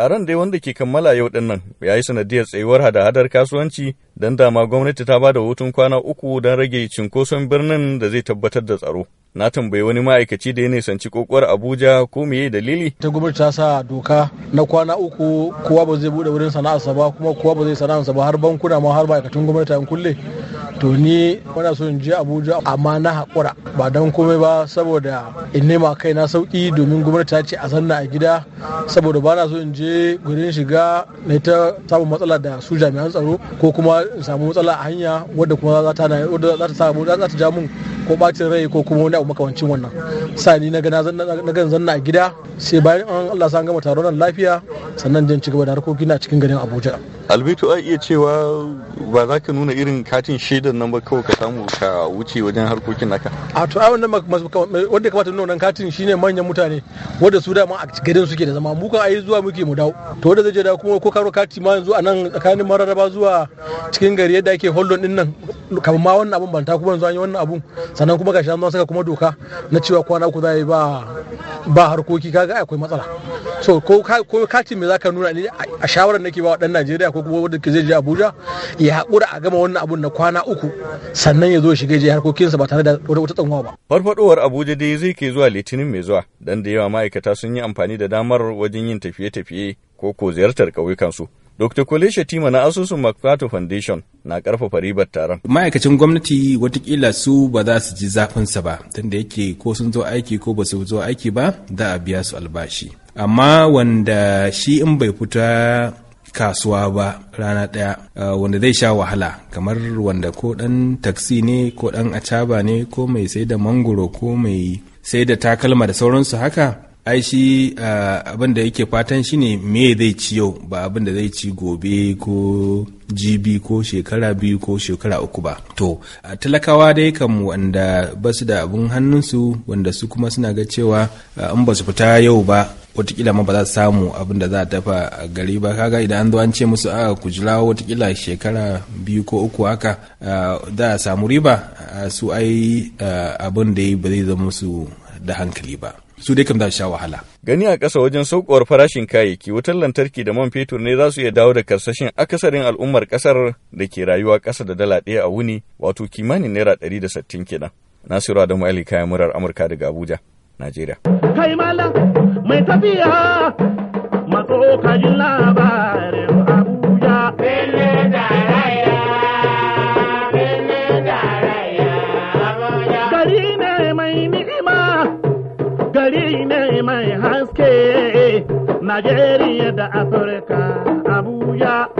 Taron dai wanda ke kammala yau din nan ya yi sanadiyar tsayuwar hada-hadar kasuwanci don dama gwamnati ta ba da hutun kwana uku don rage cinkoson birnin da zai tabbatar da tsaro. Na tambayi wani ma'aikaci da ya nisanci kokowar Abuja ko meye dalili. Ta gwamnati ta sa doka na kwana uku kowa ba zai bude wurin sana'arsa ba kuma kowa ba zai sana'arsa ba har bankuna ma har ma'aikatan gwamnati an kulle. to ni so in je abuja amma na haƙura ba don komai ba saboda in nema kai na sauki domin gwamnati ta ce a sanna a gida saboda ba na so in je gurin shiga na ta samun matsala da su jami'an tsaro ko kuma in samu matsala a hanya wadda kuma za ta samu za ta ja ko bacin rai ko kuma wani abu makamancin wannan sa ni na ga zanna a gida sai bayan an Allah san gama taron nan lafiya sannan jan ci gaba da harkoki na cikin garin Abuja Albitu a iya cewa ba za ka nuna irin katin shaidar nan ba kawai ka samu ka wuce wajen harkokin naka a to ai wannan wanda kamata nuna wannan katin shine manyan mutane wanda su dama a garin suke da zama mu kan ai zuwa muke mu dawo to wanda zai je da kuma ko karo kati ma yanzu a nan tsakanin mararaba zuwa cikin gari yadda ake holdon din nan kamar ma wannan abun ban ta kuma yanzu an yi wannan abun sannan kuma gashi an saka kuma doka na cewa kwana uku za a yi ba ba harkoki kaga akwai matsala so ko ko katin me zaka nuna ni a shawarar nake ba dan Najeriya ko kuma wanda ke zai je Abuja ya hakura a gama wannan abun na kwana uku sannan ya zo shiga je harkokinsa ba tare da wata tsanwa ba farfadowar Abuja dai zai ke zuwa Litinin mai zuwa dan da yawa ma'aikata sun yi amfani da damar wajen yin tafiye-tafiye ko ko ziyartar su. Dr. Kole Shatima na asusun Makwato Foundation na karfafa ribar taron. Ma'aikacin gwamnati watakila su ba za su ji zafinsa ba, tunda yake ko sun zo aiki ko ba su zo aiki ba za a biya su albashi. Amma wanda shi in bai fita kasuwa ba rana ɗaya uh, wanda zai sha wahala kamar wanda ko ɗan taksi ne ko ɗan acaba ne ko mai sai da mangoro ko mai sai da takalma da sauransu haka ai shi abin da yake fatan shine me zai ci yau ba abin da zai ci gobe ko jibi ko shekara biyu ko shekara uku ba to talakawa dai kan wanda ba su da abin hannunsu wanda su kuma suna ga cewa in ba su fita yau ba watakila ma ba za su samu abin da za a tafa a gari ba kaga idan an zo an ce musu a ku jira watakila shekara biyu ko uku haka za a samu riba su ai abin da ba zai zama su. da hankali ba su dai kam za sha wahala gani a ƙasa wajen saukowar farashin kayayyaki wutar lantarki da man fetur ne za su iya dawo da karsashin akasarin al'ummar ƙasar da ke rayuwa ƙasa da dala ɗaya a wuni wato kimanin naira ɗari da sittin kenan nasiru adamu ali kayan murar amurka daga abuja najeriya kai malam mai tafiya mako kajin labari mai haske Najeriya da Afirka Abuja